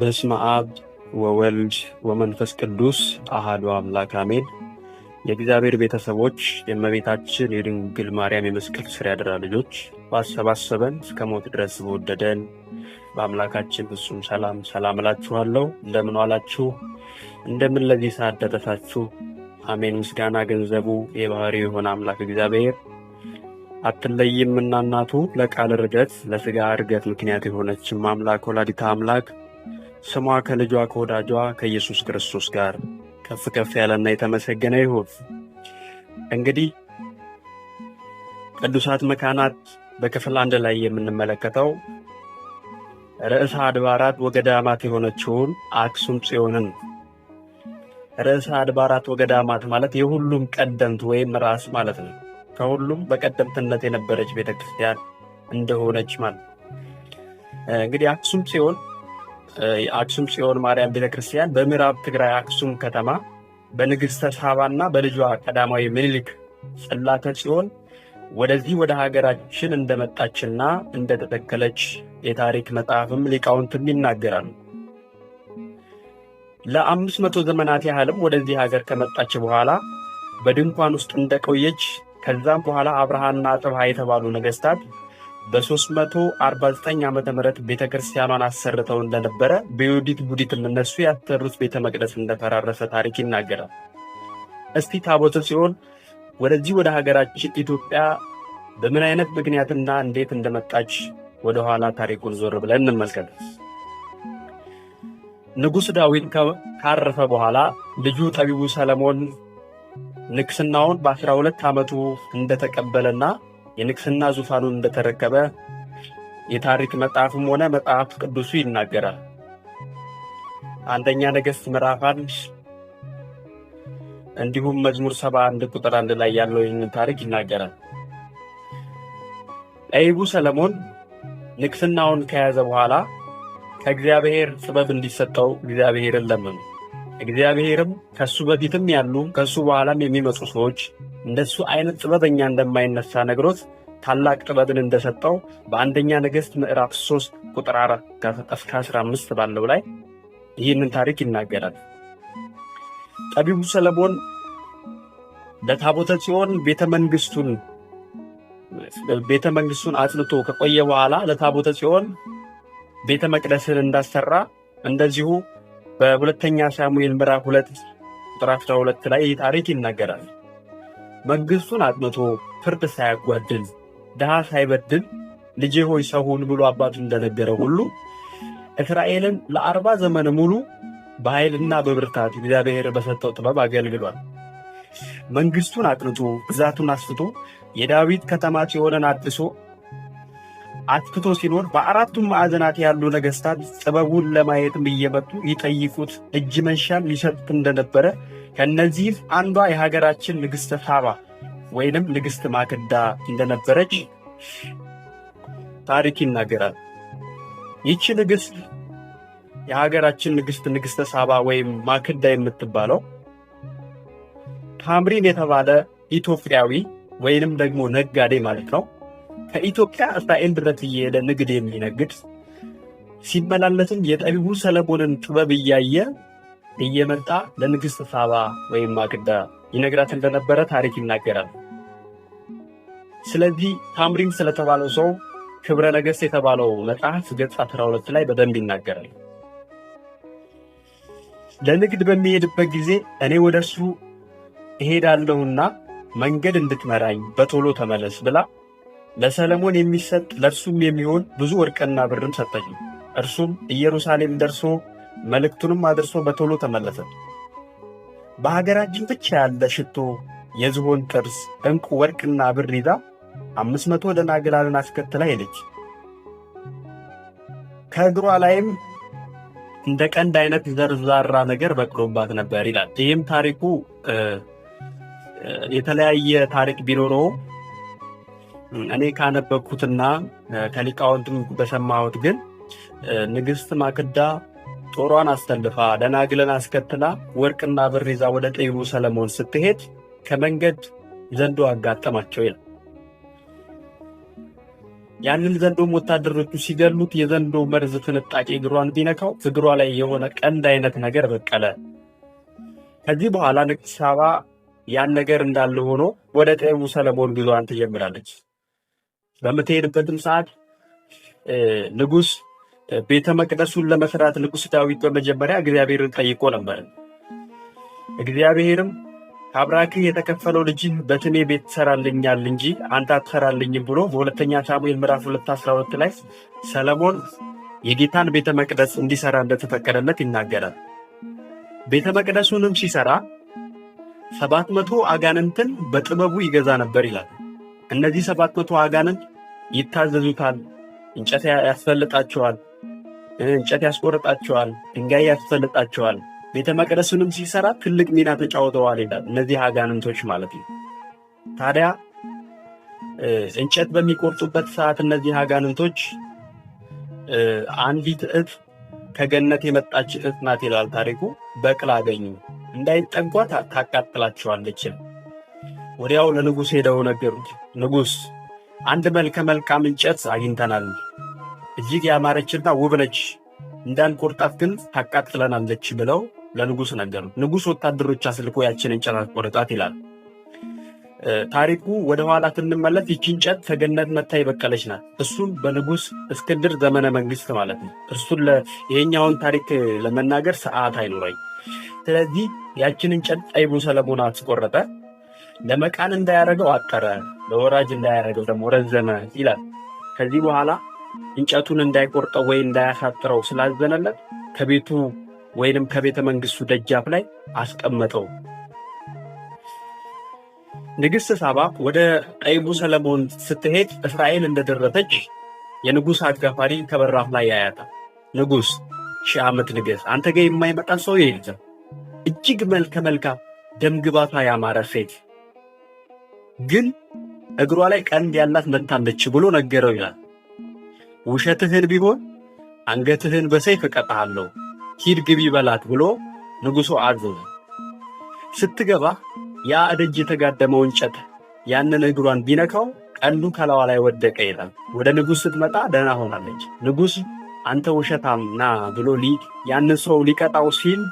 በስመ አብ ወወልድ ወመንፈስ ቅዱስ አሃዱ አምላክ አሜን። የእግዚአብሔር ቤተሰቦች የእመቤታችን የድንግል ማርያም የመስቀል ስር ያደራ ልጆች ባሰባሰበን እስከ ሞት ድረስ በወደደን በአምላካችን ፍጹም ሰላም ሰላም እላችኋለሁ። እንደምን ዋላችሁ? እንደምን ለዚህ ሰዓት ደረሳችሁ? አሜን። ምስጋና ገንዘቡ የባህሪ የሆነ አምላክ እግዚአብሔር አትለይምና እናቱ ለቃል ርደት ለስጋ እርገት ምክንያት የሆነችም አምላክ ወላዲታ አምላክ ስሟ ከልጇ ከወዳጇ ከኢየሱስ ክርስቶስ ጋር ከፍ ከፍ ያለና የተመሰገነ ይሁን። እንግዲህ ቅዱሳት መካናት በክፍል አንድ ላይ የምንመለከተው ርዕሰ አድባራት ወገዳማት የሆነችውን አክሱም ጽዮንን ርዕሰ አድባራት ወገዳማት ማለት የሁሉም ቀደምት ወይም ራስ ማለት ነው። ከሁሉም በቀደምትነት የነበረች ቤተክርስቲያን እንደሆነች ማለት እንግዲህ አክሱም ጽዮን የአክሱም ጽዮን ማርያም ቤተክርስቲያን በምዕራብ ትግራይ አክሱም ከተማ በንግሥተ ሳባና በልጇ ቀዳማዊ ምኒልክ ጽላተ ጽዮን ወደዚህ ወደ ሀገራችን እንደመጣችና እንደተተከለች የታሪክ መጽሐፍም ሊቃውንትም ይናገራሉ። ለአምስት መቶ ዘመናት ያህልም ወደዚህ ሀገር ከመጣች በኋላ በድንኳን ውስጥ እንደቆየች ከዛም በኋላ አብርሃና ጥብሃ የተባሉ ነገሥታት በ349 ዓ ም ቤተ ክርስቲያኗን አሰርተው እንደነበረ በዩዲት ቡዲት እነሱ ያሰሩት ቤተ መቅደስ እንደፈራረሰ ታሪክ ይናገራል። እስቲ ታቦተ ጽዮን ወደዚህ ወደ ሀገራችን ኢትዮጵያ በምን አይነት ምክንያትና እንዴት እንደመጣች ወደኋላ ታሪኩን ዞር ብለን እንመልከት። ንጉሥ ዳዊት ካረፈ በኋላ ልጁ ጠቢቡ ሰለሞን ንግሥናውን በ12 ዓመቱ እንደተቀበለና የንግስና ዙፋኑን እንደተረከበ የታሪክ መጽሐፍም ሆነ መጽሐፍ ቅዱሱ ይናገራል። አንደኛ ነገሥት ምዕራፍ አንድ እንዲሁም መዝሙር ሰባ አንድ ቁጥር አንድ ላይ ያለው ይህንን ታሪክ ይናገራል። ጠቢቡ ሰለሞን ንግስናውን ከያዘ በኋላ ከእግዚአብሔር ጥበብ እንዲሰጠው እግዚአብሔርን ለመኑ። እግዚአብሔርም ከሱ በፊትም ያሉ ከሱ በኋላም የሚመጡ ሰዎች እንደሱ አይነት ጥበበኛ እንደማይነሳ ነግሮት ታላቅ ጥበብን እንደሰጠው በአንደኛ ነገሥት ምዕራፍ 3 ቁጥር 4 እስከ 15 ባለው ላይ ይህንን ታሪክ ይናገራል። ጠቢቡ ሰለሞን ለታቦተ ጽዮን ቤተመንግስቱን መንግስቱን አጽንቶ ከቆየ በኋላ ለታቦተ ጽዮን ቤተ መቅደስን እንዳሰራ እንደዚሁ በሁለተኛ ሳሙኤል ምዕራፍ 2 ቁጥር 12 ላይ ይህ ታሪክ ይናገራል። መንግሥቱን አጥንቶ ፍርድ ሳያጓድል ድሃ ሳይበድል ልጄ ሆይ ሰው ሁን ብሎ አባቱ እንደነገረ ሁሉ እስራኤልን ለአርባ ዘመን ሙሉ በኃይልና በብርታት እግዚአብሔር በሰጠው ጥበብ አገልግሏል። መንግሥቱን አጥንቶ ግዛቱን አስፍቶ የዳዊት ከተማ ጽዮንን አድሶ አትክቶ ሲኖር በአራቱም ማዕዘናት ያሉ ነገሥታት ጥበቡን ለማየትም እየመጡ ይጠይቁት እጅ መንሻም ይሰጡት እንደነበረ ከእነዚህ አንዷ የሀገራችን ንግሥተ ሳባ ወይንም ንግሥት ማክዳ እንደነበረች ታሪክ ይናገራል። ይቺ ንግሥት የሀገራችን ንግሥት ንግሥተ ሳባ ወይም ማክዳ የምትባለው ታምሪን የተባለ ኢትዮጵያዊ ወይንም ደግሞ ነጋዴ ማለት ነው ከኢትዮጵያ እስራኤል ድረስ እየሄደ ንግድ የሚነግድ ሲመላለስም የጠቢቡ ሰለሞንን ጥበብ እያየ እየመጣ ለንግሥት ሳባ ወይም ማቅዳ ይነግራት እንደነበረ ታሪክ ይናገራል። ስለዚህ ታምሪን ስለተባለው ሰው ክብረ ነገሥት የተባለው መጽሐፍ ገጽ 12 ላይ በደንብ ይናገራል። ለንግድ በሚሄድበት ጊዜ እኔ ወደ እርሱ እሄዳለሁና መንገድ እንድትመራኝ በቶሎ ተመለስ ብላ ለሰለሞን የሚሰጥ ለእርሱም የሚሆን ብዙ ወርቅና ብርም ሰጠኝ። እርሱም ኢየሩሳሌም ደርሶ መልእክቱንም አድርሶ በቶሎ ተመለሰ። በሀገራችን ብቻ ያለ ሽቶ፣ የዝሆን ጥርስ፣ ዕንቁ፣ ወርቅና ብር ይዛ አምስት መቶ ደናግላልን አስከትላ ሄደች። ከእግሯ ላይም እንደ ቀንድ አይነት ዘርዛራ ነገር በቅሎባት ነበር ይላል። ይህም ታሪኩ የተለያየ ታሪክ ቢኖረው እኔ ካነበብኩትና ከሊቃውንትም በሰማሁት ግን ንግሥት ማክዳ ጦሯን አስተልፋ ደናግልን አስከትላ ወርቅና ብር ይዛ ወደ ጠቢቡ ሰለሞን ስትሄድ ከመንገድ ዘንዶ አጋጠማቸው ይላል። ያንን ዘንዶም ወታደሮቹ ሲገሉት የዘንዶ መርዝ ፍንጣቂ እግሯን ቢነካው እግሯ ላይ የሆነ ቀንድ አይነት ነገር በቀለ። ከዚህ በኋላ ንግሥት ሳባ ያን ነገር እንዳለ ሆኖ ወደ ጠቢቡ ሰለሞን ጉዟን ትጀምራለች። በምትሄድበትም ሰዓት ንጉሥ ቤተ መቅደሱን ለመስራት ንጉሥ ዳዊት በመጀመሪያ እግዚአብሔርን ጠይቆ ነበር። እግዚአብሔርም ከአብራክህ የተከፈለው ልጅህ በትኔ ቤት ትሰራልኛል እንጂ አንተ አትሰራልኝም ብሎ በሁለተኛ ሳሙኤል ምዕራፍ 212 ላይ ሰለሞን የጌታን ቤተ መቅደስ እንዲሰራ እንደተፈቀደለት ይናገራል። ቤተ መቅደሱንም ሲሰራ ሰባት መቶ አጋንንትን በጥበቡ ይገዛ ነበር ይላል። እነዚህ ሰባት መቶ አጋንንት ይታዘዙታል፣ እንጨት ያስፈልጣቸዋል እንጨት ያስቆርጣቸዋል፣ ድንጋይ ያስፈልጣቸዋል። ቤተ መቅደሱንም ሲሰራ ትልቅ ሚና ተጫውተዋል ይላል። እነዚህ አጋንንቶች ማለት ነው። ታዲያ እንጨት በሚቆርጡበት ሰዓት እነዚህ አጋንንቶች አንዲት እጽ ከገነት የመጣች እጽ ናት ይላል ታሪኩ። በቅል አገኙ፣ እንዳይጠጓ ታቃጥላቸዋለች። ወዲያው ለንጉሥ ሄደው ነገሩት። ንጉሥ አንድ መልከ መልካም እንጨት አግኝተናል እጅግ ያማረችና ውብ ነች፣ ቁርጣት ግን ታቃጥለናለች ብለው ለንጉሥ ነገሩ። ንጉሥ ወታደሮች አስልኮ ያችን እንጨት ቆርጣት ይላል ታሪኩ። ወደኋላ ስንመለስ ይቺ እንጨት ከገነት መታ የበቀለች ናት። እሱም በንጉሥ እስክንድር ዘመነ መንግስት ማለት ነው። እሱን ይሄኛውን ታሪክ ለመናገር ሰዓት አይኖረኝ። ስለዚህ ያችን እንጨት ጠይቡ ሰለሞን አስቆረጠ። ለመቃን እንዳያደረገው አጠረ፣ ለወራጅ እንዳያደረገው ደግሞ ረዘመ ይላል። ከዚህ በኋላ እንጨቱን እንዳይቆርጠው ወይ እንዳያሳጥረው ስላዘነለት ከቤቱ ወይንም ከቤተ መንግስቱ ደጃፍ ላይ አስቀመጠው። ንግሥት ሳባ ወደ ቀይቡ ሰለሞን ስትሄድ እስራኤል እንደደረሰች የንጉሥ አጋፋሪ ከበራፍ ላይ ያያታል። ንጉሥ ሺህ ዓመት ንገሥ፣ አንተ ጋ የማይመጣ ሰው የለም። እጅግ መልከ መልካም ደምግባቷ ያማረ ሴት ግን እግሯ ላይ ቀንድ ያላት መታለች ብሎ ነገረው ይላል። ውሸትህን ቢሆን አንገትህን በሰይፍ እቀጣሃለሁ፣ ሂድ ግቢ በላት ብሎ ንጉሡ አዘዘ። ስትገባ ያ እደጅ የተጋደመው እንጨት ያንን እግሯን ቢነካው ቀንዱ ከላዋ ላይ ወደቀ ይላል። ወደ ንጉሥ ስትመጣ ደህና ሆናለች። ንጉሥ አንተ ውሸታም ና ብሎ ያንን ሰው ሊቀጣው ሲል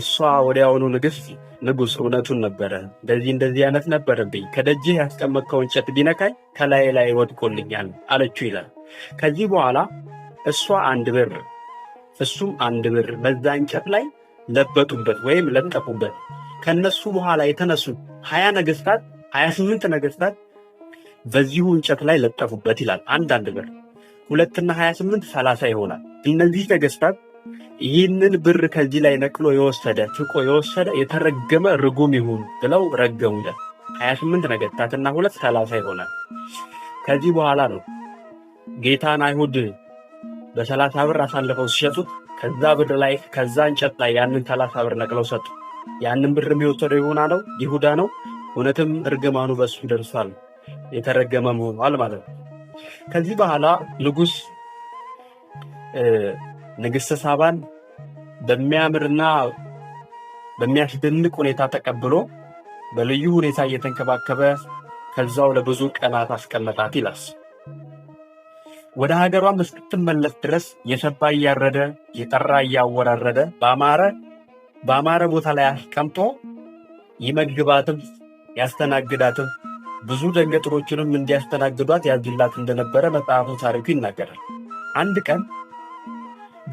እሷ ወዲያውኑ ንግሥት ንጉሥ እውነቱን ነበረ። እንደዚህ እንደዚህ አይነት ነበረብኝ፣ ከደጅህ ያስቀመጥከው እንጨት ቢነካኝ ከላይ ላይ ወድቆልኛል አለችው ይላል። ከዚህ በኋላ እሷ አንድ ብር እሱም አንድ ብር በዛ እንጨት ላይ ለበጡበት ወይም ለጠፉበት። ከነሱ በኋላ የተነሱ ሀያ ነገስታት ሀያ ስምንት ነገስታት በዚሁ እንጨት ላይ ለጠፉበት ይላል። አንድ አንድ ብር ሁለትና ሀያ ስምንት ሰላሳ ይሆናል። እነዚህ ነገስታት ይህንን ብር ከዚህ ላይ ነቅሎ የወሰደ ትቆ የወሰደ የተረገመ ርጉም ይሁን ብለው ረገሙ ይላል። 28 ነገድታትና ሁለት ሰላሳ ይሆናል። ከዚህ በኋላ ነው ጌታን አይሁድ በሰላሳ ብር አሳልፈው ሲሸጡት ከዛ ብር ላይ ከዛ እንጨት ላይ ያንን ሰላሳ ብር ነቅለው ሰጡ። ያንን ብር የሚወሰደው ይሁና ነው ይሁዳ ነው። እውነትም እርግማኑ በሱ ደርሷል፣ የተረገመ መሆኗል ማለት ነው። ከዚህ በኋላ ንጉሥ ንግሥተ ሳባን በሚያምርና በሚያስደንቅ ሁኔታ ተቀብሎ በልዩ ሁኔታ እየተንከባከበ ከዛው ለብዙ ቀናት አስቀመጣት ይላስ ወደ ሀገሯም እስክትመለስ ድረስ የሰባ እያረደ የጠራ እያወራረደ በአማረ በአማረ ቦታ ላይ አስቀምጦ ይመግባትም ያስተናግዳትም ብዙ ደንገጥሮችንም እንዲያስተናግዷት ያዝላት እንደነበረ መጽሐፉ ታሪኩ ይናገራል። አንድ ቀን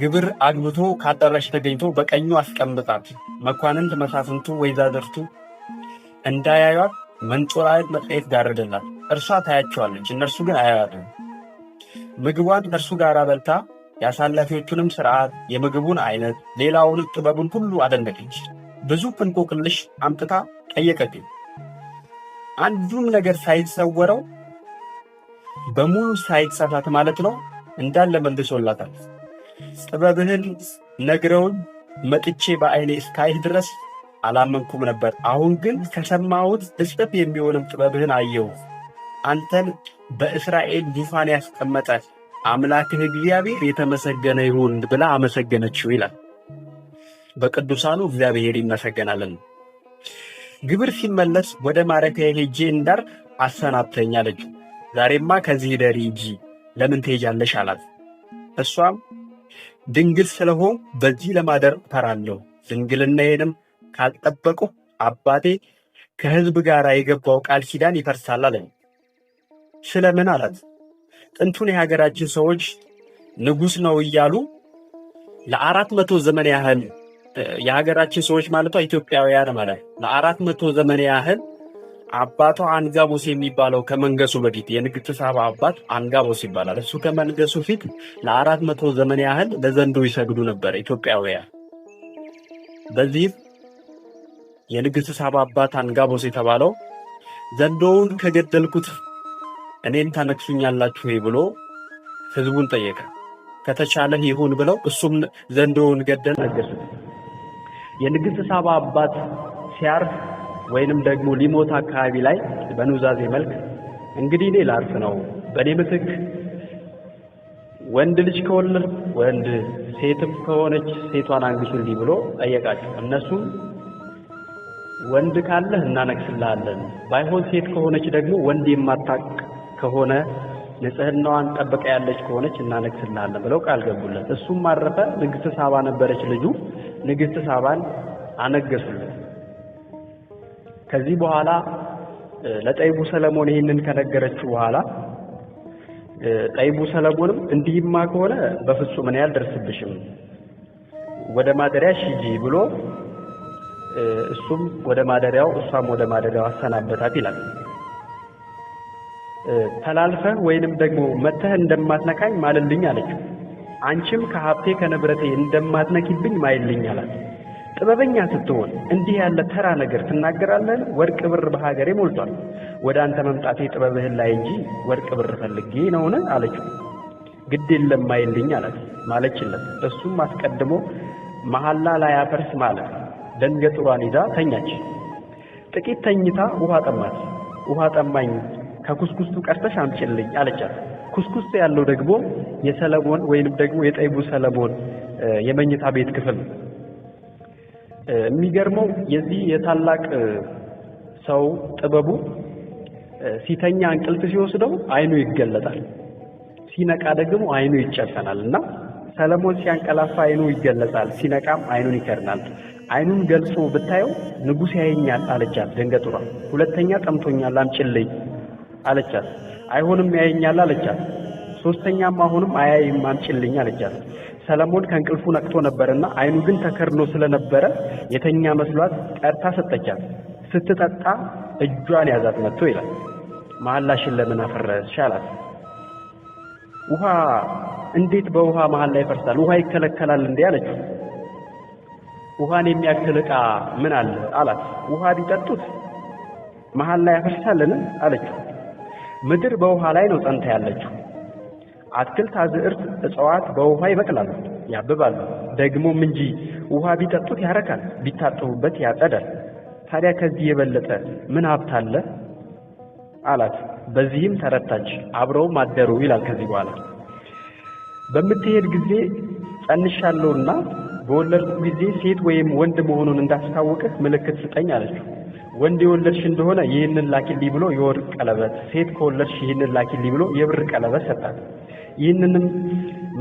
ግብር አግብቶ ከአዳራሽ ተገኝቶ በቀኙ አስቀምጣት። መኳንንት መሳፍንቱ ወይዛዝርቱ እንዳያዩት መንጦራዕድ መጽሔት ጋረደላት። እርሷ ታያቸዋለች፣ እነርሱ ግን አያዩትም። ምግቧን እነርሱ ጋር በልታ የአሳላፊዎቹንም ስርዓት የምግቡን አይነት፣ ሌላውን ጥበቡን ሁሉ አደነቀች። ብዙ እንቆቅልሽ አምጥታ ጠየቀች። አንዱም ነገር ሳይሰወረው በሙሉ ሳይሳሳት ማለት ነው እንዳለ መልሶላታል። ጥበብህን ነግረውን መጥቼ በአይኔ እስካይህ ድረስ አላመንኩም ነበር። አሁን ግን ከሰማሁት እጥፍ የሚሆንም ጥበብህን አየሁ። አንተን በእስራኤል ዙፋን ያስቀመጠ አምላክህ እግዚአብሔር የተመሰገነ ይሁን ብላ አመሰገነችው ይላል። በቅዱሳኑ እግዚአብሔር ይመሰገናልን። ግብር ሲመለስ ወደ ማረፊያ ሄጄ እንዳር አሰናብተኝ ዛሬማ ከዚህ ደሪ እንጂ ለምን ትሄጃለሽ አላት። እሷም ድንግል ስለሆን በዚህ ለማደር እፈራለሁ። ድንግልናዬንም ካልጠበቁ አባቴ ከህዝብ ጋር የገባው ቃል ኪዳን ይፈርሳል አለኝ። ስለምን አላት። ጥንቱን የሀገራችን ሰዎች ንጉሥ ነው እያሉ ለአራት መቶ ዘመን ያህል የሀገራችን ሰዎች ማለቷ ኢትዮጵያውያን ማለት ለአራት መቶ ዘመን ያህል አባቷ አንጋቦስ የሚባለው ከመንገሱ በፊት የንግሥት ሳባ አባት አንጋቦስ ይባላል። እሱ ከመንገሱ ፊት ለአራት መቶ ዘመን ያህል ለዘንዶ ይሰግዱ ነበር ኢትዮጵያውያን። በዚህም የንግሥት ሳባ አባት አንጋቦስ የተባለው ዘንዶውን ከገደልኩት እኔን ታነክሱኛላችሁ ብሎ ህዝቡን ጠየቀ። ከተቻለህ ይሁን ብለው እሱም ዘንዶውን ገደል ነገሱት። የንግሥት ሳባ አባት ሲያርፍ ወይንም ደግሞ ሊሞት አካባቢ ላይ በኑዛዜ መልክ እንግዲህ እኔ ላርፍ ነው፣ በእኔ ምትክ ወንድ ልጅ ከወለድ ወንድ፣ ሴትም ከሆነች ሴቷን አንግሱልኝ ብሎ ጠየቃቸው። እነሱም ወንድ ካለህ እናነግስልሃለን፣ ባይሆን ሴት ከሆነች ደግሞ ወንድ የማታቅ ከሆነ ንጽህናዋን ጠብቃ ያለች ከሆነች እናነግስልሃለን ብለው ቃል ገቡለት። እሱም አረፈ። ንግስት ሳባ ነበረች ልጁ። ንግስት ሳባን አነገሱለት። ከዚህ በኋላ ለጠይቡ ሰለሞን ይህንን ከነገረችው በኋላ ጠይቡ ሰለሞንም እንዲህማ ከሆነ በፍጹም እኔ አልደርስብሽም፣ ወደ ማደሪያሽ ሂጂ ብሎ እሱም ወደ ማደሪያው እሷም ወደ ማደሪያው አሰናበታት ይላል። ተላልፈህ ወይንም ደግሞ መተህ እንደማትነካኝ ማልልኝ አለችው። አንቺም ከሀብቴ ከንብረቴ እንደማትነኪብኝ ማይልኝ አላት። ጥበበኛ ስትሆን እንዲህ ያለ ተራ ነገር ትናገራለህን? ወርቅ ብር በሀገሬ ሞልቷል። ወደ አንተ መምጣቴ ጥበብህን ላይ እንጂ ወርቅ ብር ፈልጌ ነውን? አለችው። ግድ የለም አይልኝ አላት ማለችለት። እሱም አስቀድሞ መሐላ ላይ አፈርስ ማለት ደንገጥሯን ይዛ ተኛች። ጥቂት ተኝታ ውሃ ጠማት። ውሃ ጠማኝ፣ ከኩስኩስቱ ቀርተሽ አምጪልኝ አለቻት። ኩስኩስቱ ያለው ደግሞ የሰለሞን ወይንም ደግሞ የጠይቡ ሰለሞን የመኝታ ቤት ክፍል የሚገርመው የዚህ የታላቅ ሰው ጥበቡ ሲተኛ እንቅልፍ ሲወስደው አይኑ ይገለጣል፣ ሲነቃ ደግሞ አይኑ ይጨፈናል እና ሰለሞን ሲያንቀላፋ አይኑ ይገለጣል፣ ሲነቃም አይኑን ይከድናል። አይኑን ገልጾ ብታየው ንጉሥ ያየኛል አለቻት ደንገጡራ። ሁለተኛ ጠምቶኛል አምጪልኝ አለቻት። አይሆንም ያየኛል አለቻት። ሶስተኛም አሁንም አያይም አምጪልኝ አለቻት። ሰለሞን ከእንቅልፉ ነቅቶ ነበርና አይኑ ግን ተከርኖ ስለነበረ የተኛ መስሏት ጠርታ ሰጠቻት። ስትጠጣ እጇን ያዛት መጥቶ ይላል መሐላሽን ለምን አፈረስሽ አላት። ውሃ እንዴት በውሃ መሀል ላይ ይፈርሳል? ውሃ ይከለከላል እንዴ አለችው። ውሃን የሚያክል ዕቃ ምን አለ አላት። ውሃ ቢጠጡት መሀል ላይ ያፈርሳልን አለችው። ምድር በውሃ ላይ ነው ጸንታ ያለችው አትክልት፣ አዝዕርት፣ እጽዋት በውሃ ይበቅላሉ፣ ያብባሉ። ደግሞም እንጂ ውሃ ቢጠጡት ያረካል፣ ቢታጠቡበት ያጸዳል። ታዲያ ከዚህ የበለጠ ምን ሀብት አለ አላት። በዚህም ተረታች፣ አብረውም አደሩ ይላል። ከዚህ በኋላ በምትሄድ ጊዜ ጸንሻለሁና በወለድኩ ጊዜ ሴት ወይም ወንድ መሆኑን እንዳስታወቅህ ምልክት ስጠኝ አለችው። ወንድ የወለድሽ እንደሆነ ይህንን ላኪልኝ ብሎ የወርቅ ቀለበት፣ ሴት ከወለድሽ ይህንን ላኪልኝ ብሎ የብር ቀለበት ሰጣት። ይህንንም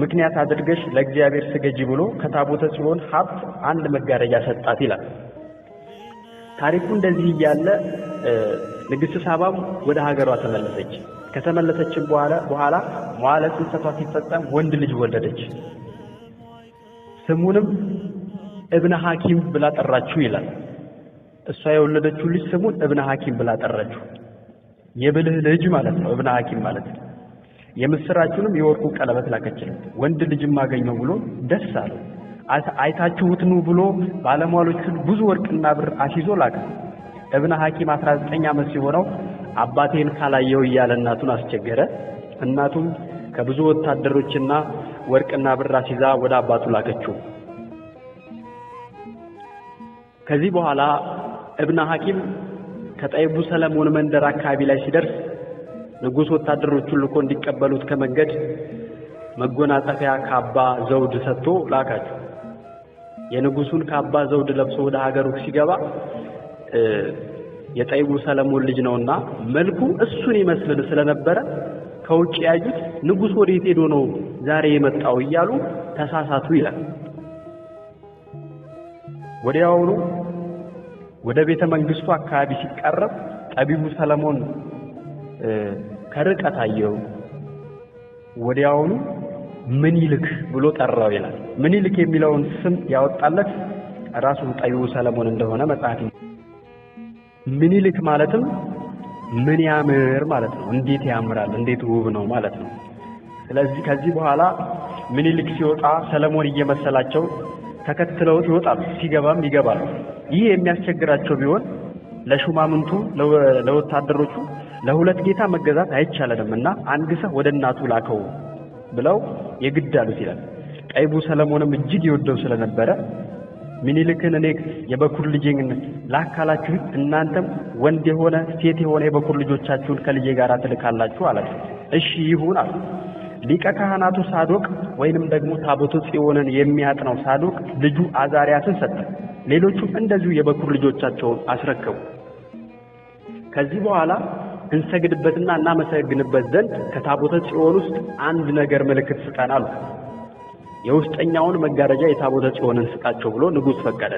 ምክንያት አድርገሽ ለእግዚአብሔር ስገጂ ብሎ ከታቦተ ጽዮን ሀብት አንድ መጋረጃ ሰጣት ይላል ታሪኩ። እንደዚህ እያለ ንግሥት ሳባም ወደ ሀገሯ ተመለሰች። ከተመለሰችም በኋላ በኋላ መዋዕለ ጽንሰቷ ሲፈጸም ወንድ ልጅ ወለደች። ስሙንም እብነ ሐኪም ብላ ጠራችሁ ይላል። እሷ የወለደችው ልጅ ስሙን እብነ ሐኪም ብላ ጠራችሁ። የብልህ ልጅ ማለት ነው። እብነ ሐኪም ማለት ነው። የምስራችሁንም የወርቁ ቀለበት ላከችለት። ወንድ ልጅም አገኘው ብሎ ደስ አለው። አይታችሁት ኑ ብሎ ባለሟሎች ብዙ ወርቅና ብር አስይዞ ላከ። እብነ ሐኪም 19 ዓመት ሲሆነው አባቴን ካላየው እያለ እናቱን አስቸገረ። እናቱም ከብዙ ወታደሮችና ወርቅና ብር አስይዛ ወደ አባቱ ላከችው። ከዚህ በኋላ እብነ ሐኪም ከጠይቡ ሰለሞን መንደር አካባቢ ላይ ሲደርስ ንጉሥ ወታደሮቹን ልኮ እንዲቀበሉት ከመንገድ መጎናጸፊያ፣ ካባ፣ ዘውድ ሰጥቶ ላካቸው። የንጉሱን ካባ ዘውድ ለብሶ ወደ ሀገሩ ሲገባ የጠይቡ ሰለሞን ልጅ ነውና መልኩ እሱን ይመስል ስለነበረ ከውጭ ያዩት ንጉስ ወዴት ሄዶ ነው ዛሬ የመጣው እያሉ ተሳሳቱ ይላል። ወዲያውኑ ወደ ቤተ መንግስቱ አካባቢ ሲቀረብ ጠቢቡ ሰለሞን ከርቀት አየው። ወዲያውኑ ምኒልክ ብሎ ጠራው ይላል። ምኒልክ የሚለውን ስም ያወጣለት ራሱ ጠቢቡ ሰለሞን እንደሆነ መጽሐፍ ምኒልክ ማለትም ምን ያምር ማለት ነው። እንዴት ያምራል፣ እንዴት ውብ ነው ማለት ነው። ስለዚህ ከዚህ በኋላ ምኒልክ ሲወጣ ሰለሞን እየመሰላቸው ተከትለውት ይወጣል ሲገባም ይገባል። ይህ የሚያስቸግራቸው ቢሆን ለሹማምንቱ ለወታደሮቹ ለሁለት ጌታ መገዛት አይቻለንም እና አንግሰህ ወደ እናቱ ላከው ብለው የግድ አሉት ይላል። ቀይቡ ሰለሞንም እጅግ ይወደው ስለነበረ ሚኒልክን እኔ የበኩር ልጄን ላካላችሁ እናንተም ወንድ የሆነ ሴት የሆነ የበኩር ልጆቻችሁን ከልጄ ጋር ትልካላችሁ አላቸው። እሺ ይሁን አሉ። ሊቀ ካህናቱ ሳዶቅ ወይንም ደግሞ ታቦተ ጽዮንን የሚያጥነው ሳዶቅ ልጁ አዛሪያትን ሰጠ። ሌሎቹም እንደዚሁ የበኩር ልጆቻቸውን አስረከቡ። ከዚህ በኋላ እንሰግድበትና እናመሰግንበት ዘንድ ከታቦተ ጽዮን ውስጥ አንድ ነገር ምልክት ስጠን አሉ። የውስጠኛውን መጋረጃ የታቦተ ጽዮንን ስጣቸው ብሎ ንጉሥ ፈቀደ።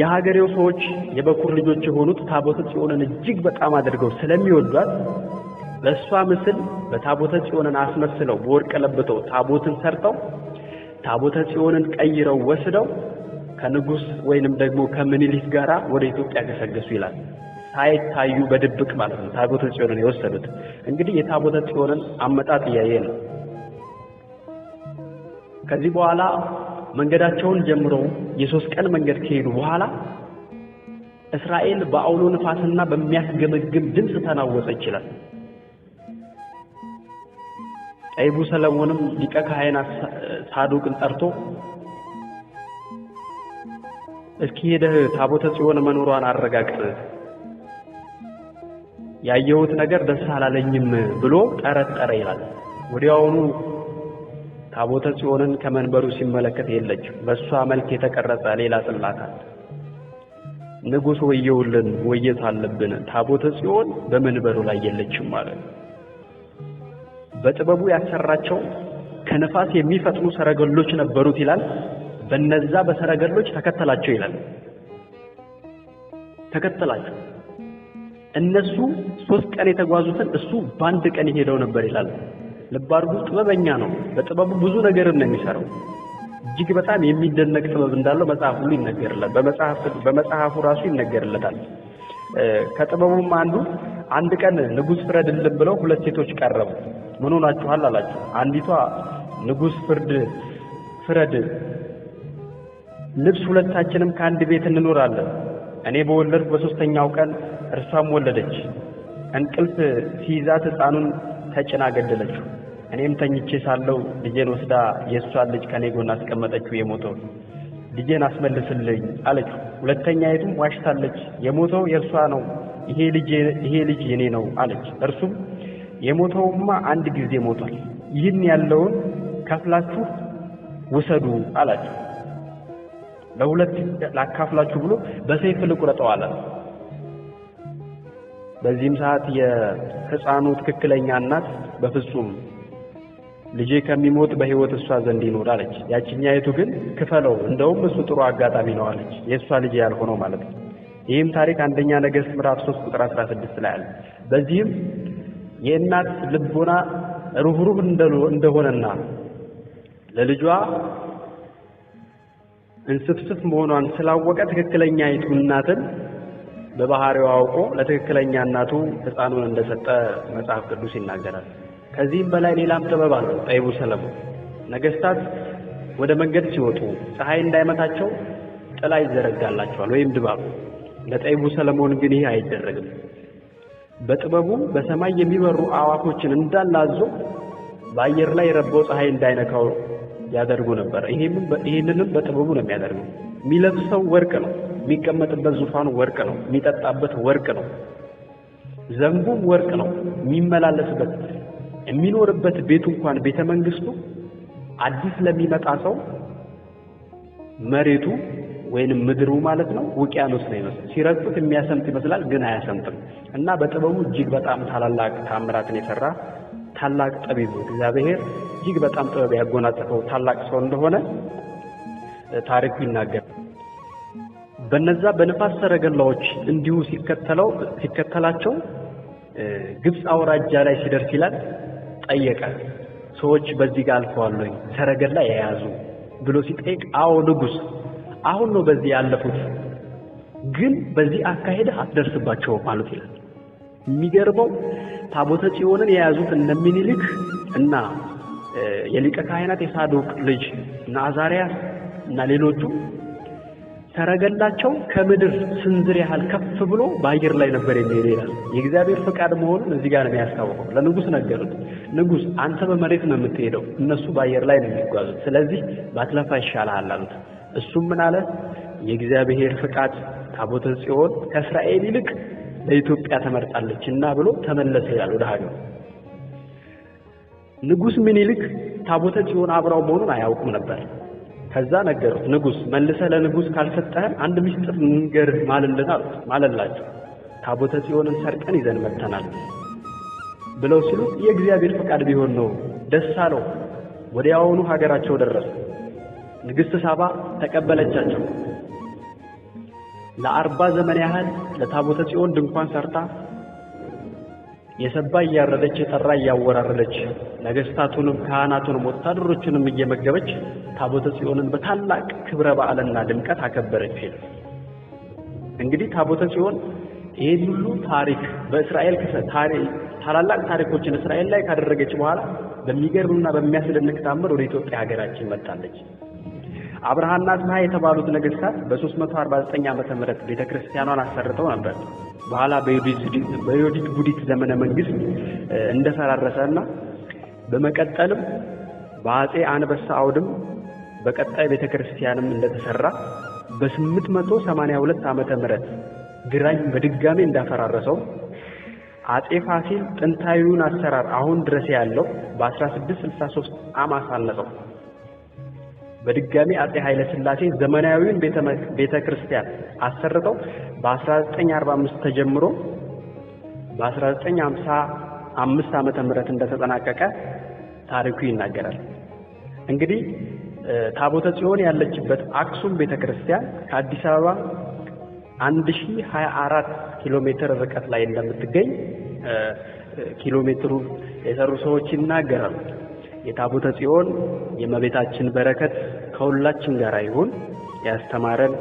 የሀገሬው ሰዎች የበኩር ልጆች የሆኑት ታቦተ ጽዮንን እጅግ በጣም አድርገው ስለሚወዷት በእሷ ምስል በታቦተ ጽዮንን አስመስለው በወርቅ ለብተው ታቦትን ሰርተው ታቦተ ጽዮንን ቀይረው ወስደው ከንጉሥ ወይንም ደግሞ ከምኒሊት ጋር ወደ ኢትዮጵያ ገሰገሱ ይላል። ሳይታዩ በድብቅ ማለት ነው ታቦተ ጽዮንን የወሰዱት። እንግዲህ የታቦተ ጽዮንን አመጣጥ እያየ ነው። ከዚህ በኋላ መንገዳቸውን ጀምሮ የሶስት ቀን መንገድ ከሄዱ በኋላ እስራኤል በአውሎ ንፋስና በሚያስገመግም ድምፅ ተናወጸ ይችላል። ጠይቡ ሰለሞንም ሊቀ ካህናት ሳዱቅን ጠርቶ እስኪ ሄደህ ታቦተ ጽዮን መኖሯን አረጋግጥ ያየሁት ነገር ደስ አላለኝም ብሎ ጠረጠረ ይላል። ወዲያውኑ ታቦተ ጽዮንን ከመንበሩ ሲመለከት የለችም፣ በእሷ መልክ የተቀረጸ ሌላ አለ። ንጉሥ ወየውልን ወየት አለብን፣ ታቦተ ጽዮን በመንበሩ ላይ የለችም ማለት በጥበቡ ያሰራቸው ከነፋስ የሚፈጥኑ ሰረገሎች ነበሩት ይላል። በነዛ በሰረገሎች ተከተላቸው ይላል። ተከተላቸው እነሱ ሶስት ቀን የተጓዙትን እሱ በአንድ ቀን ይሄደው ነበር ይላል። ልብ አድርጉ፣ ጥበበኛ ነው። በጥበቡ ብዙ ነገርን ነው የሚሰራው። እጅግ በጣም የሚደነቅ ጥበብ እንዳለው መጽሐፍ ሁሉ ይነገርለታል። በመጽሐፉ ራሱ ይነገርለታል። ከጥበቡም አንዱ አንድ ቀን ንጉሥ ፍረድልን ብለው ሁለት ሴቶች ቀረቡ። ምን ሆናችኋል አላቸው። አንዲቷ ንጉሥ ፍርድ ፍረድ ልብስ ሁለታችንም ከአንድ ቤት እንኖራለን እኔ በወለድኩ በሶስተኛው ቀን እርሷም ወለደች። እንቅልፍ ሲይዛት ሕፃኑን ተጭና ገደለችው። እኔም ተኝቼ ሳለው ልጄን ወስዳ የእሷን ልጅ ከኔ ጎን አስቀመጠችው። የሞተው ልጄን አስመልስልኝ አለችው። ሁለተኛይቱም ዋሽታለች። የሞተው የእርሷ ነው፣ ይሄ ልጅ ይሄ ልጅ የኔ ነው አለች። እርሱም የሞተውማ አንድ ጊዜ ሞቷል፣ ይህን ያለውን ከፍላችሁ ውሰዱ አላቸው። ለሁለት ላካፍላችሁ ብሎ በሰይፍ ልቁረጠው አላት። በዚህም ሰዓት የሕፃኑ ትክክለኛ እናት በፍጹም ልጄ ከሚሞት በሕይወት እሷ ዘንድ ይኖር አለች። ያችኛይቱ ግን ክፈለው፣ እንደውም እሱ ጥሩ አጋጣሚ ነው አለች። የእሷ ልጅ ያልሆነው ማለት ነው። ይህም ታሪክ አንደኛ ነገሥት ምዕራፍ 3 ቁጥር 16 ላይ አለ። በዚህም የእናት ልቦና ሩህሩህ እንደሆነና ለልጇ እንስፍስፍ መሆኗን ስላወቀ ይቱ እናትን በባህሪው አውቆ ለትክክለኛ እናቱ ሕፃኑን እንደሰጠ መጽሐፍ ቅዱስ ይናገራል። ከዚህም በላይ ሌላም ጥበብ አለው ጠይቡ ሰለሞን። ነገስታት ወደ መንገድ ሲወጡ ፀሐይ እንዳይመታቸው ጥላ ይዘረጋላቸዋል ወይም ድባብ። ለጠይቡ ሰለሞን ግን ይህ አይደረግም። በጥበቡ በሰማይ የሚበሩ አዋፎችን እንዳላዞ በአየር ላይ ረበው ፀሐይ እንዳይነካው ያደርጉ ነበር። ይህንንም በጥበቡ ነው የሚያደርገው። የሚለብሰው ወርቅ ነው የሚቀመጥበት ዙፋኑ ወርቅ ነው። የሚጠጣበት ወርቅ ነው። ዘንጉም ወርቅ ነው። የሚመላለስበት የሚኖርበት ቤቱ እንኳን ቤተ መንግስቱ አዲስ ለሚመጣ ሰው መሬቱ ወይንም ምድሩ ማለት ነው ውቅያኖስ ነው ይመስል ሲረግጡት የሚያሰምጥ ይመስላል፣ ግን አያሰምጥም። እና በጥበቡ እጅግ በጣም ታላላቅ ታምራትን የሰራ ታላቅ ጠቢብ እግዚአብሔር እጅግ በጣም ጥበብ ያጎናጸፈው ታላቅ ሰው እንደሆነ ታሪኩ ይናገራል። በነዛ በነፋስ ሰረገላዎች እንዲሁ ሲከተለው ሲከተላቸው ግብፅ አውራጃ ላይ ሲደርስ ይላል ጠየቀ። ሰዎች በዚህ ጋር አልፈዋለኝ ሰረገላ የያዙ ብሎ ሲጠይቅ፣ አዎ ንጉሥ፣ አሁን ነው በዚህ ያለፉት፣ ግን በዚህ አካሄደ አትደርስባቸውም አሉት ይላል። የሚገርመው ታቦተ ጽዮንን የያዙት እነ ምኒልክ እና የሊቀ ካህናት የሳዶቅ ልጅ እና እና ሌሎቹ ሰረገላቸው ከምድር ስንዝር ያህል ከፍ ብሎ በአየር ላይ ነበር የሚሄድ ይላል። የእግዚአብሔር ፈቃድ መሆኑን እዚህ ጋር ነው የሚያስታውቀው። ለንጉስ ነገሩት። ንጉስ አንተ በመሬት ነው የምትሄደው፣ እነሱ በአየር ላይ ነው የሚጓዙት። ስለዚህ ባትለፋ ይሻልሃል አሉት። እሱም ምን አለ? የእግዚአብሔር ፈቃድ ታቦተ ጽዮን ከእስራኤል ይልቅ ለኢትዮጵያ ተመርጣለች እና ብሎ ተመለሰ ይላል ወደ ሀገሩ። ንጉሥ ምኒልክ ታቦተ ጽዮን አብራው መሆኑን አያውቅም ነበር። ከዛ ነገረው ንጉስ መልሰ ለንጉስ ካልሰጠህን አንድ ምስጢር ንገርህ ማልልን አሉት። ማለላቸው ታቦተ ጽዮንን ሰርቀን ይዘን መጥተናል ብለው ሲሉ የእግዚአብሔር ፈቃድ ቢሆን ነው ደስ አለው። ወዲያውኑ ሀገራቸው ደረሱ። ንግሥት ሳባ ተቀበለቻቸው። ለአርባ ዘመን ያህል ለታቦተ ጽዮን ድንኳን ሰርታ የሰባ እያረደች የጠራ እያወራረደች ነገስታቱንም ካህናቱንም ወታደሮቹንም እየመገበች ታቦተ ጽዮንን በታላቅ ክብረ በዓልና ድምቀት አከበረች። እንግዲህ ታቦተ ጽዮን ይህን ሁሉ ታሪክ በእስራኤል ታላላቅ ታሪኮችን እስራኤል ላይ ካደረገች በኋላ በሚገርምና በሚያስደንቅ ታምር ወደ ኢትዮጵያ ሀገራችን መጣለች። አብርሃና አጽብሃ የተባሉት ነገስታት በ349 ዓመተ ምህረት ቤተክርስቲያኗን አሰርተው ነበር። በኋላ በዮዲት ጉዲት ዘመነ መንግስት እንደፈራረሰና በመቀጠልም በአጼ አንበሳ አውድም በቀጣይ ቤተ ክርስቲያንም እንደተሰራ በ882 ዓመተ ምህረት ግራኝ በድጋሜ እንዳፈራረሰው አጼ ፋሲል ጥንታዊውን አሰራር አሁን ድረስ ያለው በ1663 ዓ.ም አሳነጸው። በድጋሜ አጼ ኃይለ ሥላሴ ዘመናዊውን ቤተ ክርስቲያን አሰርተው በ1945 ተጀምሮ በ1955 ዓመተ ምህረት እንደተጠናቀቀ ታሪኩ ይናገራል። እንግዲህ ታቦተ ጽዮን ያለችበት አክሱም ቤተክርስቲያን ከአዲስ አበባ 1024 ኪሎ ሜትር ርቀት ላይ እንደምትገኝ ኪሎ ሜትሩ የሰሩ ሰዎች ይናገራሉ። የታቦተ ጽዮን የመቤታችን በረከት ከሁላችን ጋር ይሁን። ያስተማረን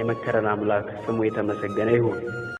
የመከረን አምላክ ስሙ የተመሰገነ ይሁን።